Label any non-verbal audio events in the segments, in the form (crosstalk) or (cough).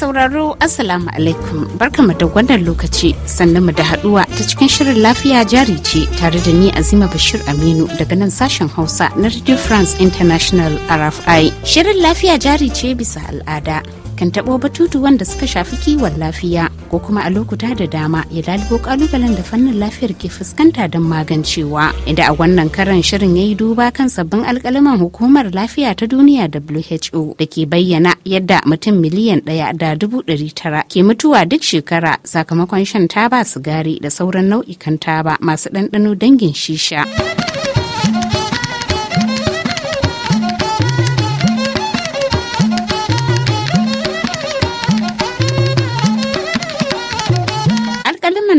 sauraro assalamu alaikum barkamu da wannan lokaci sannan mu da haduwa ta cikin shirin lafiya jari ce tare da ni azima bashir aminu daga nan sashen hausa na radio france international rfi shirin lafiya jari ce bisa al'ada kan taɓo batutu wanda suka shafi kiwon lafiya ko kuma a lokuta da dama ya dalibo kalubalen da fannin lafiyar ke fuskanta don magancewa inda a wannan karan shirin ya yi duba kan sabbin alkalaman hukumar lafiya ta duniya who da ke bayyana yadda mutum miliyan ɗaya da dubu ɗari tara ke mutuwa duk shekara sakamakon shan taba sigari da sauran nau'ikan taba masu ɗanɗano dangin shisha.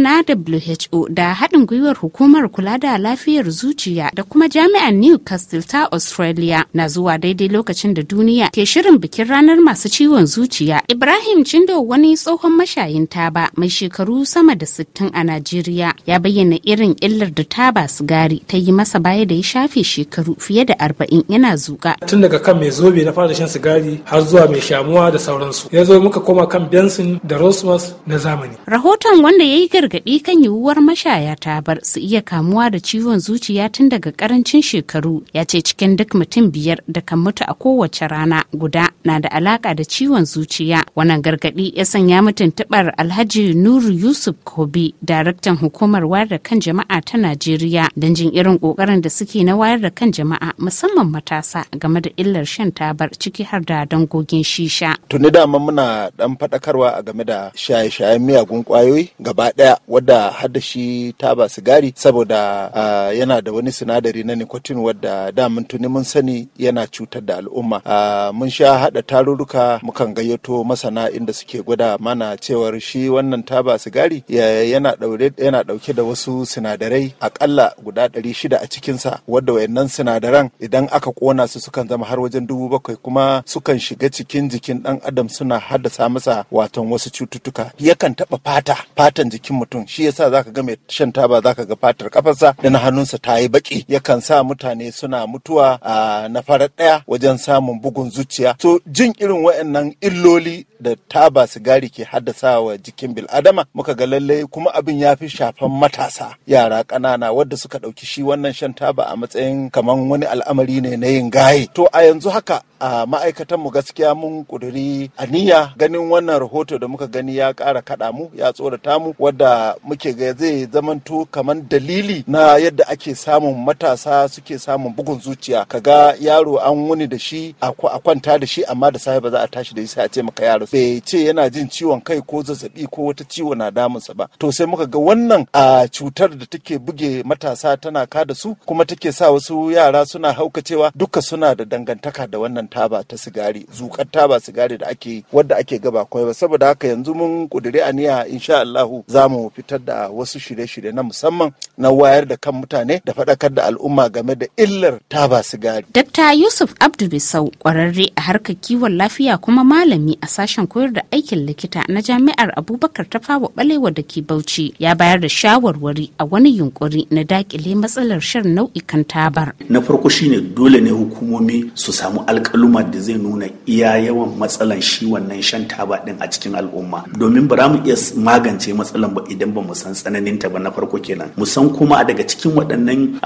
na WHO da haɗin gwiwar hukumar kula da lafiyar zuciya da kuma jami'ar Newcastle ta Australia na zuwa daidai lokacin da duniya ke shirin bikin ranar masu ciwon zuciya. Ibrahim Chindo wani tsohon mashayin taba mai shekaru sama da sittin a Najeriya ya bayyana irin illar da taba sigari ta yi masa baya da ya shafe shekaru fiye da arba'in yana zuka. Tun daga kan mai zobe na fara shan sigari har zuwa mai shamuwa da sauransu. Ya zo muka koma kan Benson da Rosmas na zamani. Rahoton wanda ya yi gargaɗi kan yiwuwar mashaya ta bar su iya kamuwa da ciwon zuciya tun daga karancin shekaru ya ce cikin duk mutum biyar da kan mutu a kowace rana guda na da alaka da ciwon zuciya wannan gargaɗi ya sanya mutum tabar alhaji nuru yusuf kobi daraktan hukumar wayar da kan jama'a ta najeriya don jin irin kokarin da suke na wayar da kan jama'a musamman matasa game da illar shan tabar ciki har da dangogin shisha tuni dama muna dan faɗakarwa a game da shaye-shayen miyagun kwayoyi gaba ɗaya wadda hada shi taba sigari saboda uh, yana da wani sinadari na nicotine wadda da mun tuni mun sani yana cutar da al'umma uh, mun sha hada tarurruka mukan gayyato masana inda suke gwada mana cewar shi wannan taba sigari yana dauke da wasu sinadarai akalla guda shida a cikinsa wadda wayannan sinadaran idan aka kona su sukan zama har wajen dubu bakwai kuma sukan shiga cikin jikin dan adam suna haddasa masa watan wasu cututtuka yakan taba fata fatan jikin mutum mutum shi yasa zaka ga mai shan taba zaka ga fatar kafarsa da na hannunsa ta yi baki yakan sa mutane suna mutuwa a na farar daya wajen samun bugun zuciya so jin irin waɗannan illoli da taba sigari ke haddasa wa jikin bil'adama muka ga lallai kuma abin ya fi shafan matasa yara ƙanana wadda suka ɗauki shi wannan shan taba a matsayin kaman wani al'amari ne na yin gaye to a yanzu haka a ma'aikatan mu gaskiya mun kuduri aniya ganin wannan rahoto da muka gani ya ƙara kaɗa mu ya tsorata mu wadda muke ga zai zamanto kamar dalili na yadda ake samun matasa suke samun bugun zuciya kaga yaro an wuni da shi a kwanta da shi amma da safe ba za a tashi da shi sai a ce maka yaro bai ce yana jin ciwon kai ko zazzabi ko wata ciwo na damunsa ba to sai muka ga wannan a cutar da take buge matasa tana ka da su kuma take sa wasu yara suna haukacewa duka suna da dangantaka da wannan taba ta sigari zukar taba sigari da ake wadda ake gaba kwai ba saboda haka yanzu mun kudiri aniya insha Allah za mu fitar da wasu shirye-shirye na musamman na wayar da kan mutane da faɗakar da al'umma game da illar taba sigari. Dakta Yusuf Abdu Bisau ƙwararre a harkar kiwon lafiya kuma malami a sashen koyar da aikin likita na jami'ar Abubakar ta fawa balewa da ke Bauchi ya bayar da shawarwari a wani yunƙuri na dakile matsalar shan nau'ikan tabar. Na farko shine dole ne hukumomi su samu alkaluma da zai nuna iya yawan matsalan shi wannan shan taba ɗin a cikin al'umma domin ba za mu iya magance matsalan ba idan idan ba mu san tsananin ta ba na farko kenan mu san kuma daga cikin waɗannan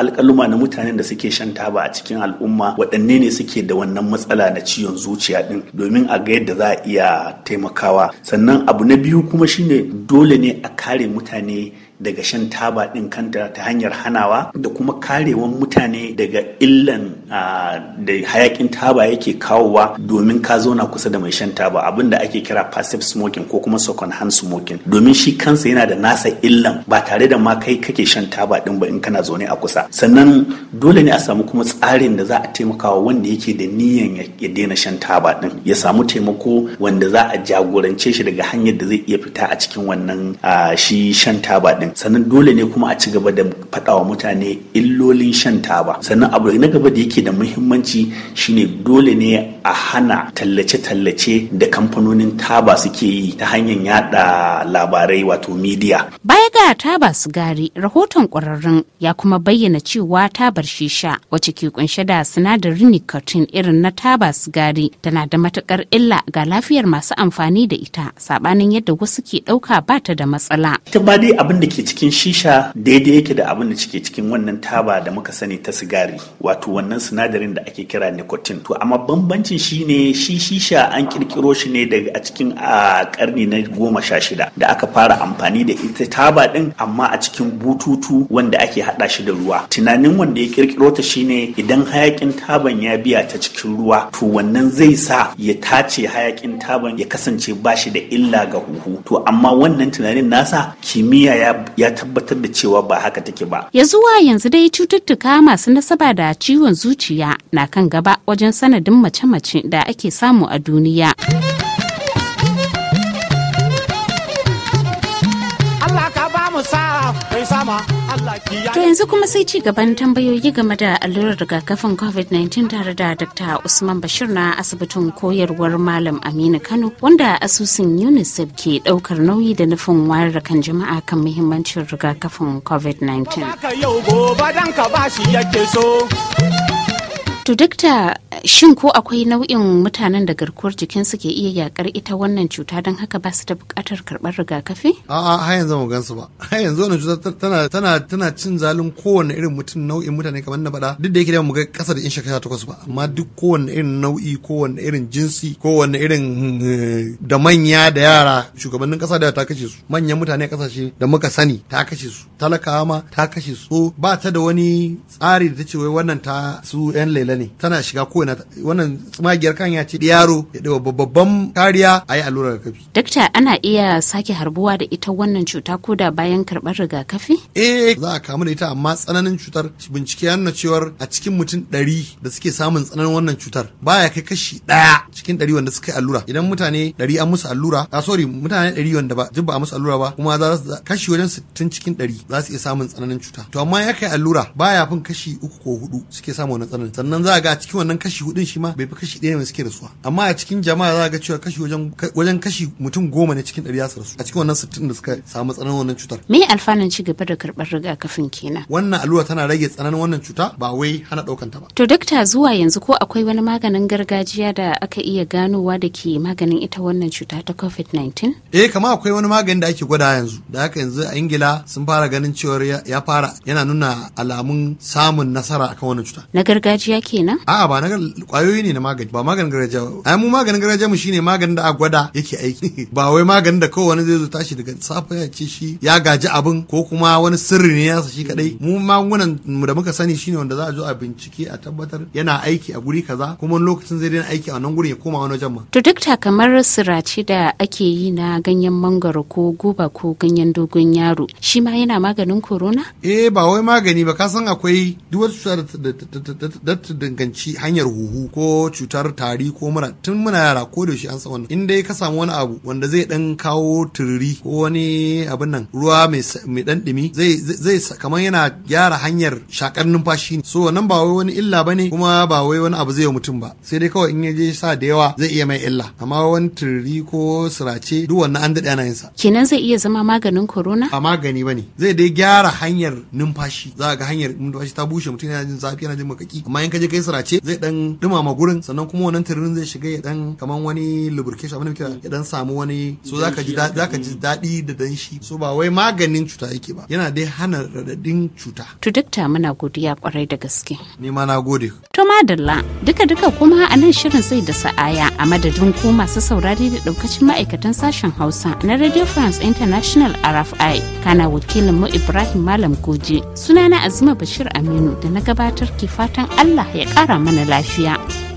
alƙaluma na mutanen da suke shan taba a cikin al'umma waɗanne ne suke da wannan matsala na ciwon zuciya ɗin domin a ga yadda za a iya taimakawa sannan abu na biyu kuma shine dole ne a kare mutane daga shan taba ɗin kanta ta hanyar hanawa da kuma karewan mutane daga illan da hayakin taba yake kawowa domin ka zauna kusa da mai shan taba abin da ake kira passive smoking ko kuma second hand smoking domin shi kansa yana da nasa illan ba tare da ma kai kake shan taba ɗin ba in kana zaune a kusa sannan dole ne a samu kuma tsarin da za a taimakawa wanda yake da niyan ya daina shan taba ɗin ya samu taimako wanda za a jagorance shi daga hanyar da zai iya fita a cikin wannan shi shan taba ɗin haɗarin sannan dole ne kuma a ci gaba da faɗawa mutane illolin shan taba sannan abu na gaba da yake da muhimmanci shine dole ne a hana tallace-tallace da kamfanonin taba suke yi ta hanyar yada labarai wato media baya ga taba sigari rahoton ƙwararrun ya kuma bayyana cewa tabar shisha wacce ke kunshe da sinadarin nicotine irin na taba sigari tana da matukar illa ga lafiyar masu amfani da ita sabanin yadda wasu ke ɗauka ba ta da matsala ta ba dai abin da ke ke cikin shisha daidai yake da abin da cike cikin wannan taba da muka sani ta sigari wato wannan sinadarin da ake kira nicotine to amma bambancin shi ne shi shisha an kirkiro shi ne daga a cikin a karni na goma sha shida da aka fara amfani da ita taba din amma a cikin bututu wanda ake hada shi da ruwa tunanin wanda ya kirkiro ta shine idan hayakin taban ya biya ta cikin ruwa to wannan zai sa ya tace hayakin taban ya kasance ba shi da illa ga huhu to amma wannan tunanin nasa kimiyya ya ya tabbatar da cewa ba haka take ba ya zuwa yanzu dai cututtuka masu nasaba da ciwon zuciya na kan gaba wajen sanadin mace-mace da ake samu a duniya Allah ka ba mu sa mai sama To yanzu kuma sai ci gaban tambayoyi game da allurar rigakafin COVID-19 tare da Dr. Usman Bashir na asibitin koyarwar Malam Aminu Kano wanda asusun UNICEF ke daukar nauyi da nufin wayar da kan jama'a kan muhimmancin rigakafin COVID-19. To duk da shin ko akwai nau'in mutanen da garkuwar jikin su ke iya yakar ita wannan cuta don haka ba su da buƙatar karɓar rigakafi? A'a har yanzu mu gansu ba. Har yanzu wannan cuta tana tana tana cin zalin kowanne irin mutum nau'in mutane kamar na faɗa duk da yake da mu ga ƙasa da in shekara takwas ba amma duk kowanne irin nau'i kowanne irin jinsi kowanne irin eh, da manya da yara shugabannin ƙasa da ta kashe su manyan mutane ƙasashe da muka sani ta kashe su talakawa ma ta kashe su ba ta da wani tsari da ta ce wai wannan ta su 'yan tsalle ne tana shiga ina wannan tsumagiyar kan ya ce yaro ya dawo babban kariya a yi allurar rigakafi. Dakta ana iya sake harbuwa da ita wannan cuta ko da bayan karɓar rigakafi? Eh za a kamu da ita amma tsananin cutar bincike ya nuna cewar a cikin mutum ɗari da suke samun tsananin wannan cutar baya kai kashi ɗaya cikin ɗari wanda suka yi allura idan mutane ɗari an musu allura a sorry mutane ɗari wanda ba jibba ba a musu allura ba kuma za su kashi wajen sittin cikin ɗari za su iya samun tsananin cuta to amma ya kai allura baya fin kashi uku ko hudu suke samun wannan tsananin sannan sannan za ga cikin wannan kashi hudun shi ma bai fi kashi ɗaya ne suke rasuwa amma a cikin jama'a za ga cewa kashi wajen wajen kashi mutum goma ne cikin ɗari ya rasu a cikin wannan sittin da suka samu tsananin wannan cutar me alfanun ci gaba da karɓar rigakafin kenan wannan allura tana rage tsananin wannan cuta ba wai hana ɗaukanta ba to dakta zuwa yanzu ko akwai wani maganin gargajiya da aka iya ganowa da ke maganin ita wannan cuta ta covid-19 eh kama akwai wani magani da ake gwada yanzu da haka yanzu a ingila sun fara ganin cewar ya fara yana nuna alamun samun nasara akan wannan cuta na gargajiya kenan a'a ba na kwayoyi ne na magani ba maganin gargajiya ai mu maganin gargajiya mu shine maganin da a gwada yake aiki (laughs) ba wai maganin da wani zai zo tashi daga safe ya ce shi ya gaji abin ko kuma wani sirri ne sa shi kadai mu magungunan mu da muka sani shine wanda za a zo a bincike a tabbatar yana aiki a guri kaza kuma lokacin zai daina aiki a wannan gurin ya koma wani wajen ma to duk kamar sirace da ake yi na ganyen mangoro ko guba ko ganyen dogon yaro shi ma yana maganin corona eh ba wai magani ba ka san akwai duk wata cuta da danganci hanyar huhu ko cutar tari ko mura tun muna yara ko da shi an san wannan in dai ka samu wani abu wanda zai dan kawo tururi ko wani abin nan ruwa mai dan dumi zai zai kamar yana gyara hanyar shakar numfashi ne so wannan ba wai wani illa bane kuma ba wai wani abu zai yi mutum ba sai dai kawai in ya je sa da yawa zai iya mai illa amma wani tururi ko sirace duk wannan an daɗe ana yin sa kenan zai iya zama maganin corona ba magani bane zai dai gyara hanyar numfashi za ga hanyar numfashi ta bushe mutum yana jin zafi yana jin makaki amma in ka je kai sirace zai dan dumama gurin sannan kuma wannan tururin zai shiga ya dan kaman wani lubrication abin da ya dan samu wani so zaka ji zaka ji daɗi da danshi so ba wai maganin cuta yake ba yana dai hana radadin cuta to dukta muna godiya kwarai da gaske ni ma na gode madalla duka-duka kuma a nan shirin zai da sa'aya a madadin ko masu saurari da daukacin ma'aikatan sashen hausa na radio france international rfi kana wakilin mu ibrahim malam goje sunana azuma bashir aminu da na gabatar ke fatan allah ya kara mana lafiya.